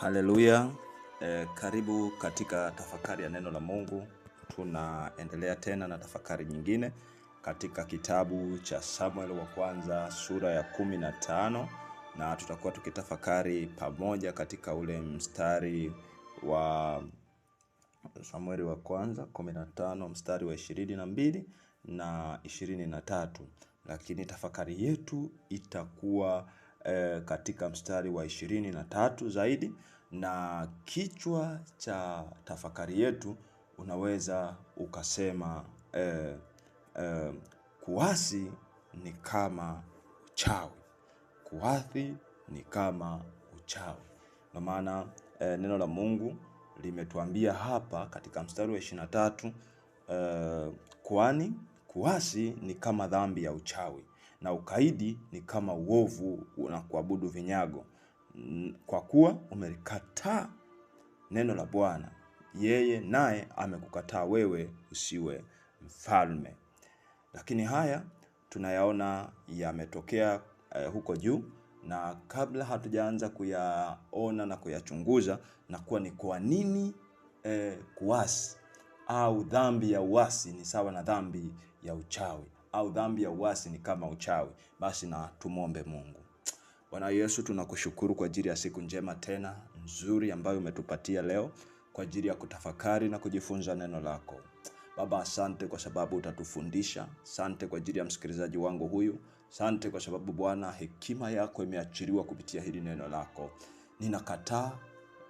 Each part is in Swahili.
Haleluya! Eh, karibu katika tafakari ya neno la Mungu. Tunaendelea tena na tafakari nyingine katika kitabu cha Samuel wa kwanza sura ya kumi na tano na tutakuwa tukitafakari pamoja katika ule mstari wa Samueli wa kwanza kumi na tano mstari wa ishirini na mbili na ishirini na tatu, lakini tafakari yetu itakuwa e, katika mstari wa ishirini na tatu zaidi, na kichwa cha tafakari yetu unaweza ukasema e, e, kuasi ni kama uchawi. Kuasi ni kama uchawi. Kwa maana e, neno la Mungu limetuambia hapa katika mstari wa ishirini na tatu e, kwani kuasi ni kama dhambi ya uchawi na ukaidi ni kama uovu na kuabudu vinyago, kwa kuwa umelikataa neno la Bwana, yeye naye amekukataa wewe usiwe mfalme. Lakini haya tunayaona yametokea eh, huko juu na kabla hatujaanza kuyaona na kuyachunguza na kuwa ni kwa nini eh, kuasi au dhambi ya uasi ni sawa na dhambi ya uchawi au dhambi ya uasi ni kama uchawi, basi na tumwombe Mungu. Bwana Yesu, tunakushukuru kwa ajili ya siku njema tena nzuri ambayo umetupatia leo kwa ajili ya kutafakari na kujifunza neno lako. Baba, asante kwa sababu utatufundisha. sante kwa ajili ya msikilizaji wangu huyu. sante kwa sababu Bwana, hekima yako imeachiriwa kupitia hili neno lako. Ninakataa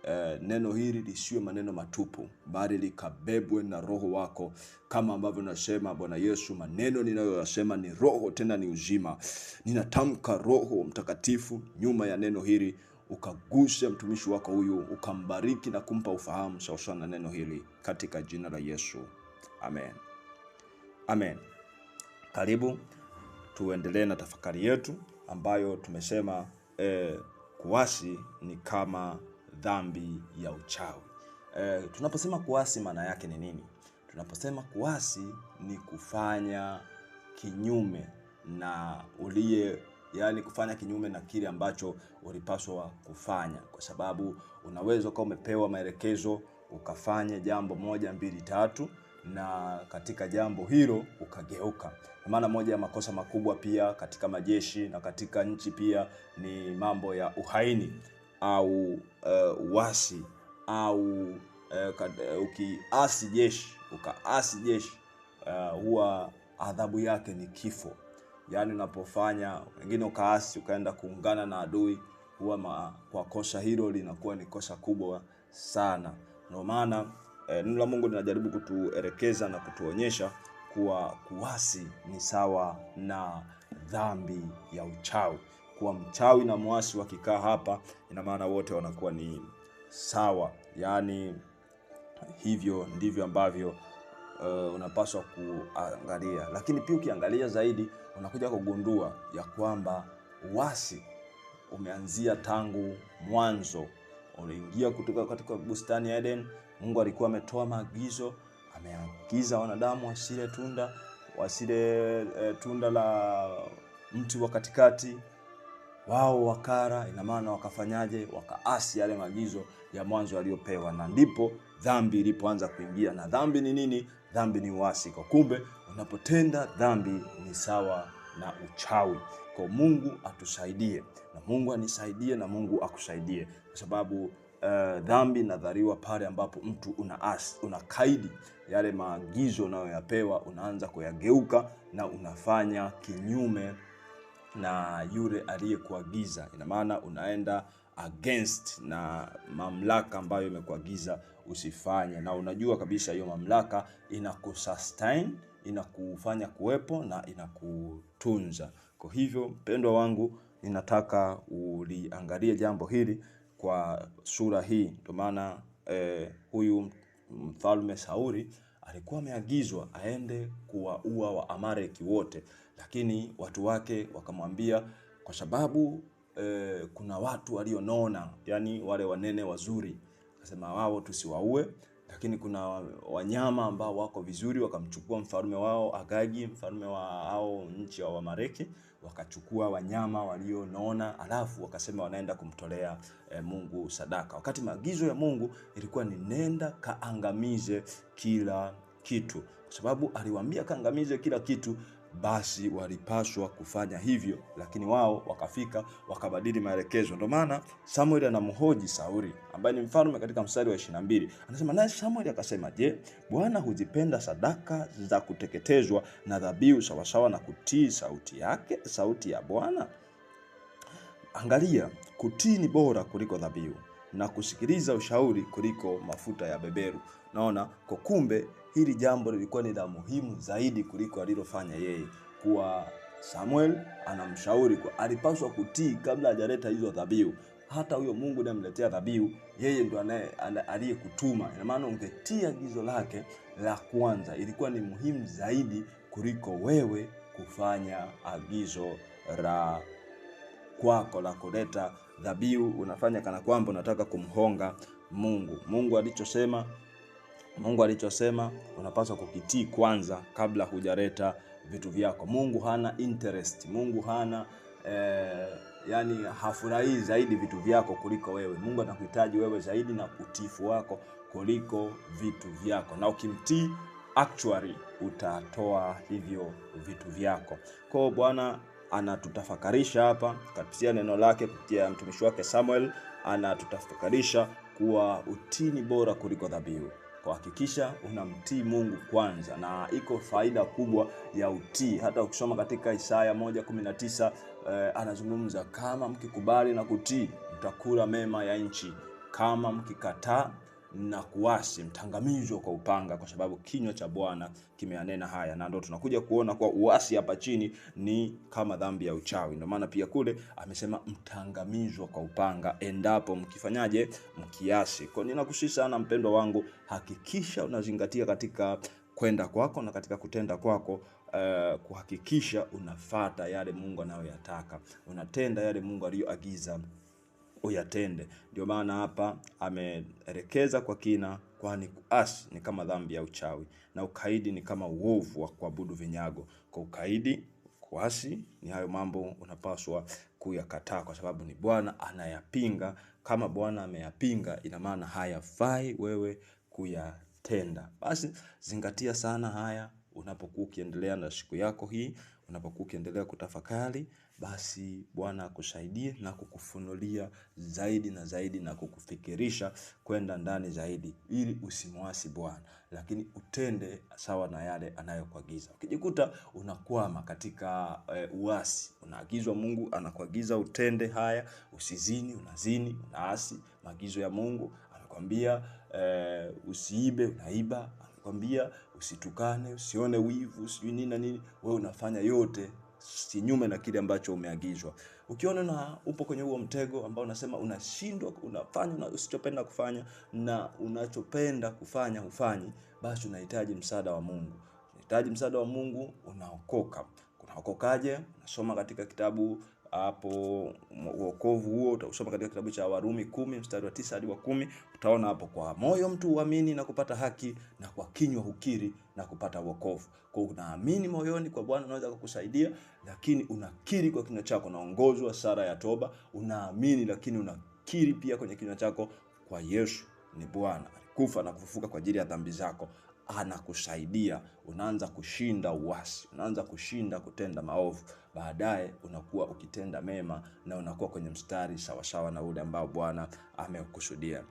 Eh, neno hili lisiwe maneno matupu, bali likabebwe na roho wako, kama ambavyo nasema Bwana Yesu, maneno ninayoyasema ni roho tena ni uzima. Ninatamka Roho Mtakatifu nyuma ya neno hili, ukaguse mtumishi wako huyu, ukambariki na kumpa ufahamu sawasawa na neno hili, katika jina la Yesu, amen, amen. Karibu tuendelee na tafakari yetu ambayo tumesema eh, kuasi ni kama dhambi ya uchawi. E, tunaposema kuasi maana yake ni nini? Tunaposema kuasi ni kufanya kinyume na uliye yaani kufanya kinyume na kile ambacho ulipaswa kufanya, kwa sababu unaweza ukawa umepewa maelekezo ukafanya jambo moja mbili tatu, na katika jambo hilo ukageuka. Maana moja ya makosa makubwa pia katika majeshi na katika nchi pia ni mambo ya uhaini au uh, uasi au uh, ukiasi jeshi ukaasi jeshi uh, huwa adhabu yake ni kifo. Yaani unapofanya wengine ukaasi ukaenda kuungana na adui huwa ma, kwa kosa hilo linakuwa ni kosa kubwa sana. Ndio maana eh, neno la Mungu linajaribu kutuelekeza na kutuonyesha kuwa kuasi ni sawa na dhambi ya uchawi kuwa mchawi na mwasi wakikaa hapa, ina maana wote wanakuwa ni sawa. Yaani hivyo ndivyo ambavyo Uh, unapaswa kuangalia, lakini pia ukiangalia zaidi unakuja kugundua ya kwamba uasi umeanzia tangu mwanzo. Uliingia kutoka katika bustani ya Eden, Mungu alikuwa ametoa maagizo, ameagiza wanadamu wasile tunda wasile e, tunda la mti wa katikati wao wakara, ina maana wakafanyaje? Wakaasi yale maagizo ya mwanzo aliyopewa, na ndipo dhambi ilipoanza kuingia. Na dhambi ni nini? Dhambi ni uasi. Kwa kumbe, unapotenda dhambi ni sawa na uchawi. Kwa Mungu atusaidie, na Mungu anisaidie, na Mungu akusaidie, kwa sababu Uh, dhambi nadhariwa pale ambapo mtu unaas unakaidi yale maagizo unayoyapewa, unaanza kuyageuka na unafanya kinyume na yule aliyekuagiza. Ina maana unaenda against na mamlaka ambayo imekuagiza usifanye, na unajua kabisa hiyo mamlaka inakusustain, inakufanya kuwepo na inakutunza. Kwa hivyo, mpendwa wangu, ninataka uliangalie jambo hili kwa sura hii. Ndio maana eh, huyu mfalme Sauli alikuwa ameagizwa aende kuwaua wa amareki wote lakini watu wake wakamwambia kwa sababu e, kuna watu walionona, yani wale wanene wazuri, akasema wao tusiwaue, lakini kuna wanyama ambao wako vizuri. Wakamchukua mfalme wao Agagi, mfalme wa ao nchi ya wa Wamareki, wakachukua wanyama walionona, alafu wakasema wanaenda kumtolea e, Mungu sadaka, wakati maagizo ya Mungu ilikuwa ni nenda kaangamize kila kitu, kwa sababu aliwaambia kaangamize kila kitu basi walipaswa kufanya hivyo, lakini wao wakafika wakabadili maelekezo. Ndio maana Samuel anamhoji Sauli ambaye ni mfalme katika mstari wa 22, mbili anasema naye Samueli akasema, je, Bwana huzipenda sadaka za kuteketezwa na dhabihu sawasawa na kutii sauti yake, sauti ya Bwana? Angalia, kutii ni bora kuliko dhabihu na kusikiliza ushauri kuliko mafuta ya beberu. Naona kokumbe hili jambo lilikuwa ni la muhimu zaidi kuliko alilofanya yeye, kuwa Samuel anamshauri kwa alipaswa kutii kabla hajaleta hizo dhabihu. Hata huyo Mungu namletea dhabihu, yeye ndo aliyekutuma. Ina maana ungetii agizo lake la kwanza, ilikuwa ni muhimu zaidi kuliko wewe kufanya agizo la kwako la kuleta dhabihu. Unafanya kana kwamba unataka kumhonga Mungu. Mungu alichosema Mungu alichosema unapaswa kukitii kwanza kabla hujaleta vitu vyako. Mungu hana interest, Mungu hana eh, yani hafurahii zaidi vitu vyako kuliko wewe. Mungu anakuhitaji wewe zaidi na utiifu wako kuliko vitu vyako, na ukimtii actually utatoa hivyo vitu vyako. Kwa hiyo Bwana anatutafakarisha hapa kupitia neno lake, kupitia mtumishi wake Samuel, anatutafakarisha kuwa utini bora kuliko dhabihu kwa hakikisha unamtii Mungu kwanza, na iko faida kubwa ya utii. Hata ukisoma katika Isaya 1:19 kumi eh, anazungumza kama mkikubali na kutii mtakula mema ya nchi, kama mkikataa na kuasi mtangamizwa kwa upanga, kwa sababu kinywa cha Bwana kimeanena haya. Na ndio tunakuja kuona kwa uasi hapa chini ni kama dhambi ya uchawi. Ndio maana pia kule amesema mtangamizwa kwa upanga, endapo mkifanyaje? Mkiasi. Kwa ninakusihi sana mpendwa wangu, hakikisha unazingatia katika kwenda kwako na katika kutenda kwako. Uh, kuhakikisha unafata yale Mungu anayoyataka, unatenda yale Mungu aliyoagiza uyatende. Ndio maana hapa ameelekeza kwa kina, kwani kuasi ni kama dhambi ya uchawi na ukaidi ni kama uovu wa kuabudu vinyago. Kwa ukaidi, kuasi ni hayo mambo unapaswa kuyakataa, kwa sababu ni Bwana anayapinga. Kama Bwana ameyapinga, ina maana hayafai wewe kuyatenda. Basi zingatia sana haya unapokuwa ukiendelea na siku yako hii, unapokuwa ukiendelea kutafakari basi Bwana akusaidie na kukufunulia zaidi na zaidi na kukufikirisha kwenda ndani zaidi, ili usimwasi Bwana, lakini utende sawa na yale anayokuagiza. Ukijikuta unakwama katika e, uasi, unaagizwa Mungu anakuagiza utende haya, usizini, unazini, unaasi maagizo ya Mungu. Anakwambia e, usiibe, unaiba. Anakwambia usitukane, usione wivu, sijui nini na nini, wewe unafanya yote kinyume na kile ambacho umeagizwa. Ukiona na upo kwenye huo mtego ambao unasema unashindwa, unafanya na usichopenda kufanya na unachopenda kufanya hufanyi, basi unahitaji msaada wa Mungu. Unahitaji msaada wa Mungu, unaokoka. Unaokokaje? Unasoma katika kitabu hapo uokovu huo utausoma katika kitabu cha Warumi kumi mstari wa tisa hadi wa kumi. Utaona hapo, kwa moyo mtu huamini na kupata haki, na kwa kinywa hukiri na kupata wokovu. Kwa unaamini moyoni kwa Bwana unaweza kukusaidia, lakini unakiri kwa kinywa chako. Naongozwa sara ya toba, unaamini lakini unakiri pia kwenye kinywa chako kwa Yesu ni Bwana alikufa na kufufuka kwa ajili ya dhambi zako anakusaidia, unaanza kushinda uasi, unaanza kushinda kutenda maovu, baadaye unakuwa ukitenda mema na unakuwa kwenye mstari sawasawa na ule ambao Bwana amekusudia.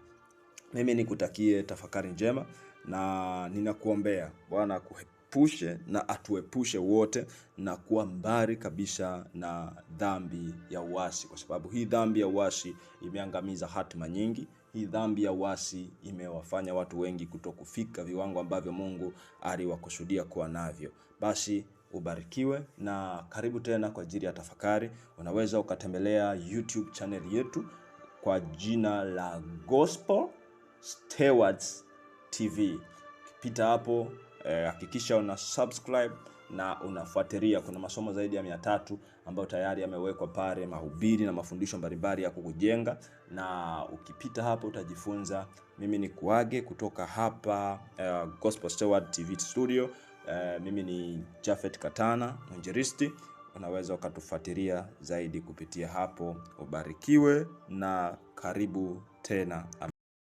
Mimi nikutakie tafakari njema na ninakuombea Bwana akuepushe na atuepushe wote na kuwa mbari kabisa na dhambi ya uasi, kwa sababu hii dhambi ya uasi imeangamiza hatima nyingi hii dhambi ya uasi imewafanya watu wengi kutokufika viwango ambavyo Mungu aliwakusudia kuwa navyo. Basi ubarikiwe na karibu tena kwa ajili ya tafakari. Unaweza ukatembelea YouTube channel yetu kwa jina la Gospel Stewards TV. Ukipita hapo eh, hakikisha una subscribe na unafuatilia. Kuna masomo zaidi ya mia tatu ambayo tayari yamewekwa pale, mahubiri na mafundisho mbalimbali ya kukujenga, na ukipita hapo utajifunza. Mimi ni kuage kutoka hapa uh, Gospel Steward TV studio. Uh, mimi ni jafet Katana mwinjilisti. Unaweza ukatufuatilia zaidi kupitia hapo. Ubarikiwe na karibu tena.